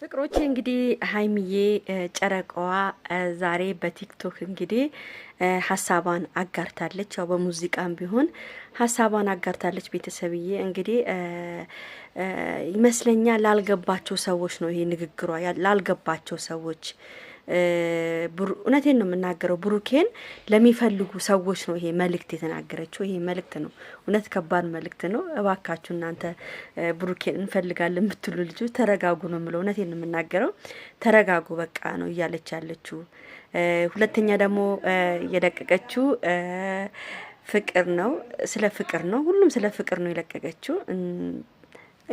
ፍቅሮቼ እንግዲህ ሀይሚዬ ጨረቃዋ ዛሬ በቲክቶክ እንግዲህ ሀሳቧን አጋርታለች። ያው በሙዚቃም ቢሆን ሀሳቧን አጋርታለች። ቤተሰብዬ እንግዲህ ይመስለኛል ላልገባቸው ሰዎች ነው ይሄ ንግግሯ ላልገባቸው ሰዎች እውነቴን ነው የምናገረው። ብሩኬን ለሚፈልጉ ሰዎች ነው ይሄ መልእክት የተናገረችው። ይሄ መልእክት ነው እውነት ከባድ መልእክት ነው። እባካችሁ እናንተ ብሩኬን እንፈልጋለን የምትሉ ልጆች ተረጋጉ ነው የምለው። እውነቴን ነው የምናገረው። ተረጋጉ በቃ ነው እያለች ያለችው። ሁለተኛ ደግሞ የለቀቀችው ፍቅር ነው፣ ስለ ፍቅር ነው፣ ሁሉም ስለ ፍቅር ነው የለቀቀችው።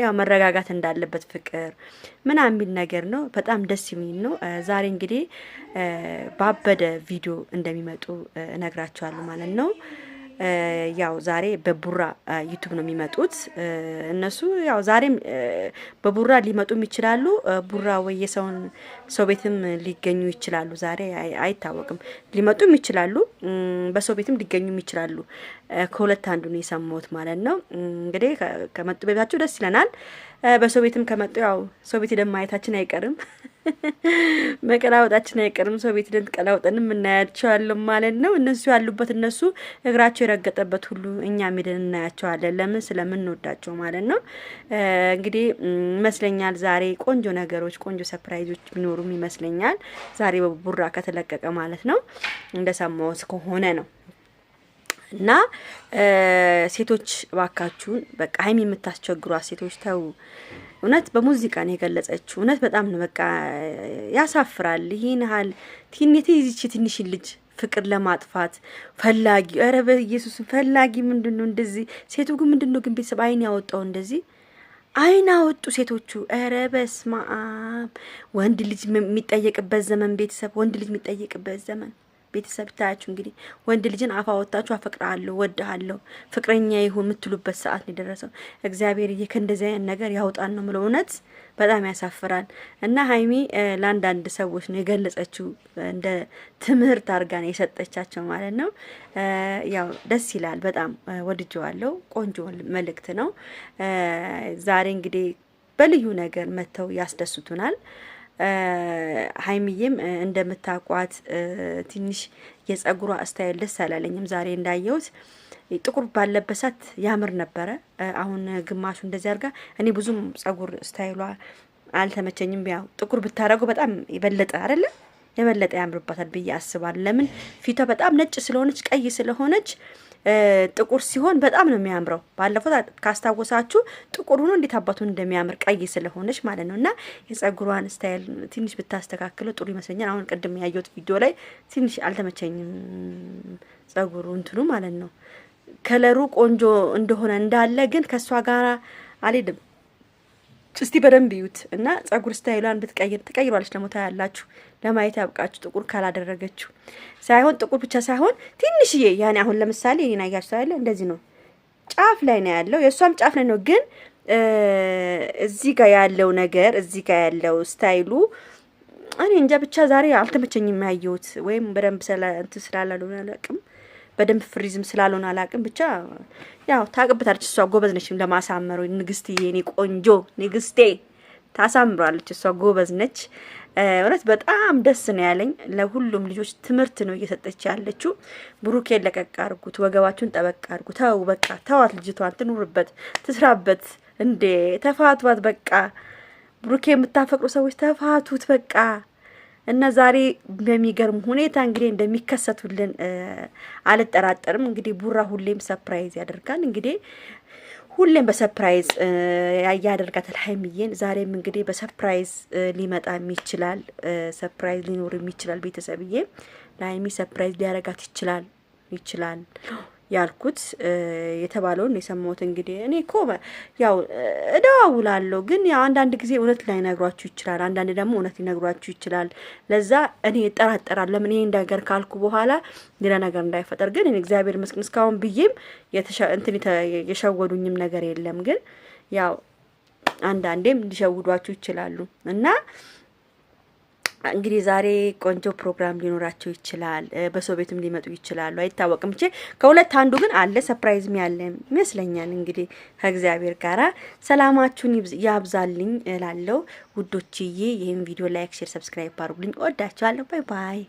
ያው መረጋጋት እንዳለበት ፍቅር ምናምን የሚል ነገር ነው። በጣም ደስ የሚል ነው። ዛሬ እንግዲህ ባበደ ቪዲዮ እንደሚመጡ እነግራቸዋለሁ ማለት ነው። ያው ዛሬ በቡራ ዩቱብ ነው የሚመጡት እነሱ። ያው ዛሬም በቡራ ሊመጡም ይችላሉ። ቡራ ወይ የሰውን ሰው ቤትም ሊገኙ ይችላሉ። ዛሬ አይታወቅም። ሊመጡም ይችላሉ፣ በሰው ቤትም ሊገኙም ይችላሉ። ከሁለት ነው የሰማሁት ማለት ነው። እንግዲህ ከመጡ በቤታቸው ደስ ይለናል። በሰው ቤትም ከመጡ ያው ሰው ቤት ደማየታችን አይቀርም። መቀላወጣችን አይቀርም። ሰው ቤት ደንት ቀላውጠን እናያቸዋለን ማለት ነው። እነሱ ያሉበት እነሱ እግራቸው የረገጠበት ሁሉ እኛ ሄደን እናያቸዋለን። ለምን ስለምንወዳቸው ማለት ነው። እንግዲህ ይመስለኛል ዛሬ ቆንጆ ነገሮች፣ ቆንጆ ሰፕራይዞች ቢኖሩም ይመስለኛል ዛሬ በቡራ ከተለቀቀ ማለት ነው እንደሰማሁት ከሆነ ነው እና ሴቶች እባካችሁን በቃ ሀይሚ የምታስቸግሯት ሴቶች ተው። እውነት በሙዚቃ ነው የገለጸችው። እውነት በጣም ነው በቃ ያሳፍራል። ይህን ያህል ቲኔት ይዝች ትንሽ ልጅ ፍቅር ለማጥፋት ፈላጊ ኧረ በኢየሱስን ፈላጊ ምንድን ነው እንደዚህ? ሴቱ ግን ምንድን ነው ግን ቤተሰብ አይን ያወጣው እንደዚህ አይን አወጡ ሴቶቹ። ኧረ በስመ አብ! ወንድ ልጅ የሚጠየቅበት ዘመን ቤተሰብ፣ ወንድ ልጅ የሚጠየቅበት ዘመን ቤተሰብ ታያችሁ። እንግዲህ ወንድ ልጅን አፋ ወጣችሁ አፈቅራለሁ፣ ወድሃለሁ፣ ፍቅረኛ ይሁን የምትሉበት ሰዓት ነው የደረሰው። እግዚአብሔር ይህ ከእንደዚህ አይነት ነገር ያውጣን ነው ምለው። እውነት በጣም ያሳፍራል። እና ሀይሚ ለአንዳንድ ሰዎች ነው የገለጸችው፣ እንደ ትምህርት አድርጋ ነው የሰጠቻቸው ማለት ነው። ያው ደስ ይላል። በጣም ወድጀዋለሁ። ቆንጆ መልእክት ነው። ዛሬ እንግዲህ በልዩ ነገር መጥተው ያስደስቱናል። ሀይሚዬም እንደምታቋት ትንሽ የጸጉሯ ስታይል ደስ አላለኝም ዛሬ እንዳየሁት ጥቁር ባለበሳት ያምር ነበረ። አሁን ግማሹ እንደዚህ አድርጋ እኔ ብዙም ጸጉር ስታይሏ አልተመቸኝም። ያው ጥቁር ብታደረገው በጣም የበለጠ አደለ የበለጠ ያምርባታል ብዬ አስባለሁ። ለምን ፊቷ በጣም ነጭ ስለሆነች ቀይ ስለሆነች ጥቁር ሲሆን በጣም ነው የሚያምረው። ባለፈው ካስታወሳችሁ ጥቁር ሆኖ እንዴት አባቱን እንደሚያምር ቀይ ስለሆነች ማለት ነው። እና የጸጉሯን ስታይል ትንሽ ብታስተካክለው ጥሩ ይመስለኛል። አሁን ቅድም ያየሁት ቪዲዮ ላይ ትንሽ አልተመቸኝም ጸጉሩ እንትኑ ማለት ነው። ከለሩ ቆንጆ እንደሆነ እንዳለ ግን ከእሷ ጋር አልሄድም እስቲ በደንብ ይዩት እና ጸጉር ስታይሏን ብትቀይር ትቀይሯለች፣ ደግሞ ታያላችሁ። ለማየት ያብቃችሁ። ጥቁር ካላደረገችው ሳይሆን ጥቁር ብቻ ሳይሆን ትንሽዬ ያኔ አሁን ለምሳሌ ይህን አያችሁ አይደለ? እንደዚህ ነው፣ ጫፍ ላይ ነው ያለው፣ የእሷም ጫፍ ላይ ነው። ግን እዚህ ጋር ያለው ነገር እዚህ ጋር ያለው ስታይሉ እኔ እንጃ ብቻ ዛሬ አልተመቸኝም ያየሁት ወይም በደንብ ስላላሉ እንትን አላውቅም። በደንብ ፍሪዝም ስላልሆነ አላቅም። ብቻ ያው ታቅብታለች እሷ ጎበዝ ነች ለማሳመሩ። ንግስትዬ፣ የኔ ቆንጆ ንግስቴ ታሳምራለች እሷ ጎበዝ ነች። እውነት በጣም ደስ ነው ያለኝ። ለሁሉም ልጆች ትምህርት ነው እየሰጠች ያለችው። ብሩኬን ለቀቅ አርጉት፣ ወገባችሁን ጠበቅ አርጉ። ተው በቃ ተዋት፣ ልጅቷን ትኑርበት፣ ትስራበት። እንዴ ተፋቷት በቃ። ብሩኬ የምታፈቅሩ ሰዎች ተፋቱት በቃ። እና ዛሬ በሚገርም ሁኔታ እንግዲህ እንደሚከሰቱልን አልጠራጠርም። እንግዲህ ቡራ ሁሌም ሰፕራይዝ ያደርጋል። እንግዲህ ሁሌም በሰፕራይዝ ያደርጋታል ሀይሚዬን። ዛሬም እንግዲህ በሰፕራይዝ ሊመጣም ይችላል፣ ሰፕራይዝ ሊኖርም ይችላል። ቤተሰብዬ ለሀይሚ ሰፕራይዝ ሊያረጋት ይችላል ይችላል ያልኩት የተባለውን የሰማሁት። እንግዲህ እኔ እኮ ያው እደዋውላለሁ፣ ግን ያው አንዳንድ ጊዜ እውነት ላይነግሯችሁ ይችላል፣ አንዳንድ ደግሞ እውነት ሊነግሯችሁ ይችላል። ለዛ እኔ እጠራጠራለሁ። ለምን ይሄን ነገር ካልኩ በኋላ ሌላ ነገር እንዳይፈጠር። ግን እኔ እግዚአብሔር ይመስገን እስካሁን ብዬም እንትን የሸወዱኝም ነገር የለም። ግን ያው አንዳንዴም ሊሸውዷችሁ ይችላሉ እና እንግዲህ ዛሬ ቆንጆ ፕሮግራም ሊኖራቸው ይችላል። በሰው ቤትም ሊመጡ ይችላሉ። አይታወቅም። ቼ ከሁለት አንዱ ግን አለ፣ ሰፕራይዝም ያለ ይመስለኛል። እንግዲህ ከእግዚአብሔር ጋራ ሰላማችሁን ያብዛልኝ እላለሁ ውዶችዬ። ይህም ቪዲዮ ላይክ፣ ሼር፣ ሰብስክራይብ አድርጉልኝ። እወዳችኋለሁ። ባይ ባይ